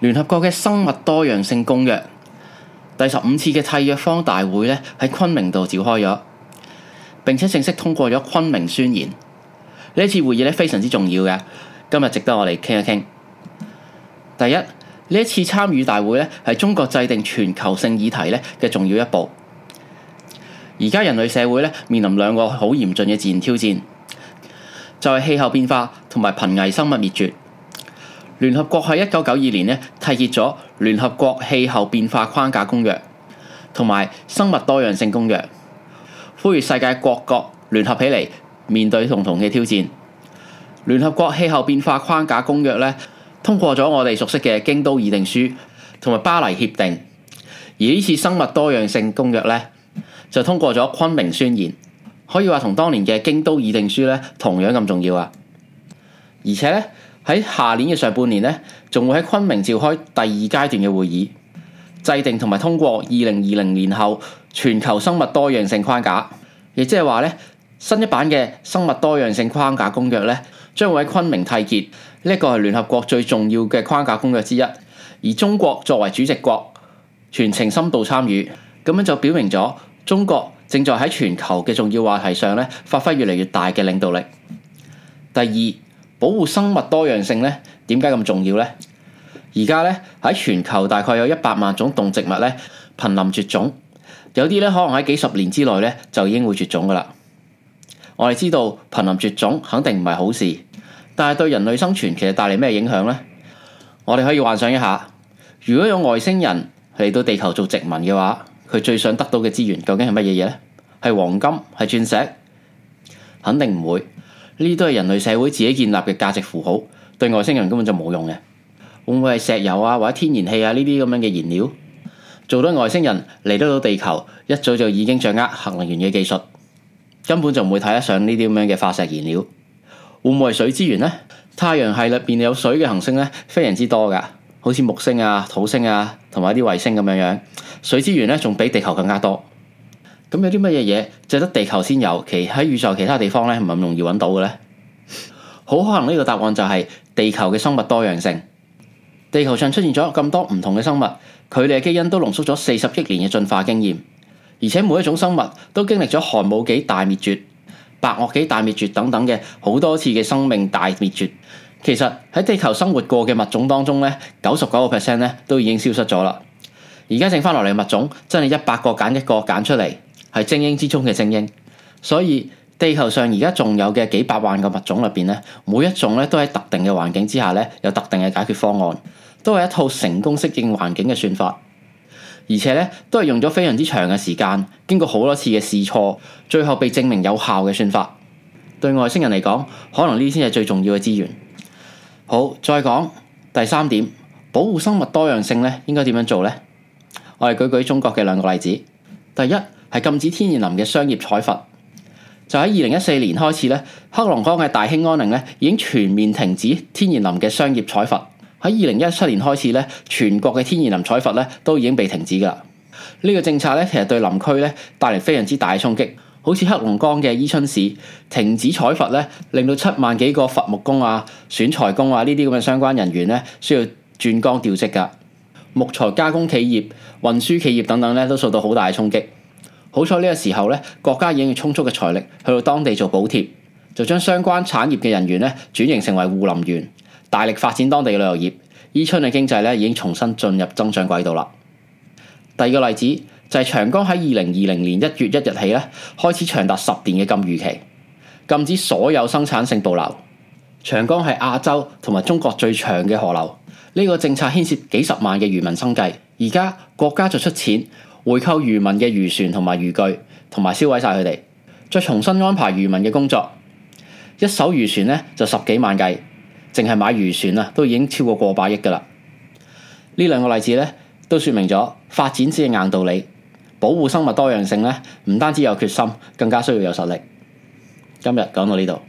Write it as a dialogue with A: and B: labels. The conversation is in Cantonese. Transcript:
A: 聯合國嘅生物多樣性公約第十五次嘅締約方大會咧喺昆明度召開咗，並且正式通過咗《昆明宣言》。呢次會議咧非常之重要嘅，今日值得我哋傾一傾。第一，呢次參與大會咧係中國制定全球性議題咧嘅重要一步。而家人類社會咧面臨兩個好嚴峻嘅自然挑戰，就係、是、氣候變化同埋瀕危生物滅絕。聯合國喺一九九二年咧，締結咗聯合國氣候變化框架公約同埋生物多樣性公約，呼籲世界各國聯合起嚟面對共同嘅挑戰。聯合國氣候變化框架公約咧，通過咗我哋熟悉嘅京都議定書同埋巴黎協定，而呢次生物多樣性公約咧，就通過咗昆明宣言，可以話同當年嘅京都議定書咧同樣咁重要啊，而且咧。喺下年嘅上半年咧，仲會喺昆明召開第二階段嘅會議，制定同埋通過二零二零年後全球生物多樣性框架，亦即係話咧，新一版嘅生物多樣性框架公約咧，將會喺昆明締結。呢一個係聯合國最重要嘅框架公約之一，而中國作為主席國，全程深度參與，咁樣就表明咗中國正在喺全球嘅重要話題上咧，發揮越嚟越大嘅領導力。第二。保護生物多樣性咧，點解咁重要呢？而家咧喺全球大概有一百萬種動植物咧瀕臨絕種，有啲咧可能喺幾十年之內咧就已經會絕種噶啦。我哋知道瀕臨絕種肯定唔係好事，但係對人類生存其實帶嚟咩影響呢？我哋可以幻想一下，如果有外星人嚟到地球做殖民嘅話，佢最想得到嘅資源究竟係乜嘢嘢咧？係黃金，係鑽石？肯定唔會。呢啲都係人類社會自己建立嘅價值符號，對外星人根本就冇用嘅。會唔會係石油啊，或者天然氣啊，呢啲咁樣嘅燃料？做到外星人嚟得到地球，一早就已經掌握核能源嘅技術，根本就唔會睇得上呢啲咁樣嘅化石燃料。會唔會係水資源呢？太陽系入邊有水嘅行星呢，非常之多㗎，好似木星啊、土星啊，同埋啲衛星咁樣樣，水資源呢，仲比地球更加多。咁有啲乜嘢嘢就係得地球先有，其喺宇宙其他地方咧唔係咁容易揾到嘅咧？好可能呢個答案就係地球嘅生物多樣性。地球上出現咗咁多唔同嘅生物，佢哋嘅基因都濃縮咗四十億年嘅進化經驗，而且每一種生物都經歷咗寒武紀大滅絕、白堊紀大滅絕等等嘅好多次嘅生命大滅絕。其實喺地球生活過嘅物種當中咧，九十九個 percent 咧都已經消失咗啦。而家剩翻落嚟嘅物種，真係一百個揀一個揀出嚟。係精英之中嘅精英，所以地球上而家仲有嘅幾百萬個物種裏邊咧，每一種咧都喺特定嘅環境之下咧，有特定嘅解決方案，都係一套成功適應環境嘅算法，而且咧都係用咗非常之長嘅時間，經過好多次嘅試錯，最後被證明有效嘅算法。對外星人嚟講，可能呢啲先係最重要嘅資源。好，再講第三點，保護生物多樣性咧，應該點樣做呢？我哋舉舉中國嘅兩個例子。第一。係禁止天然林嘅商業採伐，就喺二零一四年開始咧，黑龍江嘅大興安嶺咧已經全面停止天然林嘅商業採伐。喺二零一七年開始咧，全國嘅天然林採伐咧都已經被停止噶啦。呢個政策咧，其實對林區咧帶嚟非常之大嘅衝擊。好似黑龍江嘅伊春市停止採伐咧，令到七萬幾個伐木工啊、選材工啊呢啲咁嘅相關人員咧需要轉崗調職噶，木材加工企業、運輸企業等等咧都受到好大嘅衝擊。好彩呢個時候咧，國家已經有充足嘅財力去到當地做補貼，就將相關產業嘅人員咧轉型成為護林員，大力發展當地旅遊業。伊春嘅經濟咧已經重新進入增長軌道啦。第二個例子就係、是、長江喺二零二零年一月一日起咧開始長達十年嘅禁漁期，禁止所有生產性捕撈。長江係亞洲同埋中國最長嘅河流，呢、這個政策牽涉幾十萬嘅漁民生計，而家國家就出錢。回購漁民嘅漁船同埋漁具，同埋銷毀晒佢哋，再重新安排漁民嘅工作。一艘漁船咧就十幾萬計，淨係買漁船啊都已經超過過百億噶啦。呢兩個例子咧都說明咗發展先係硬道理，保護生物多樣性咧唔單止有決心，更加需要有實力。今日講到呢度。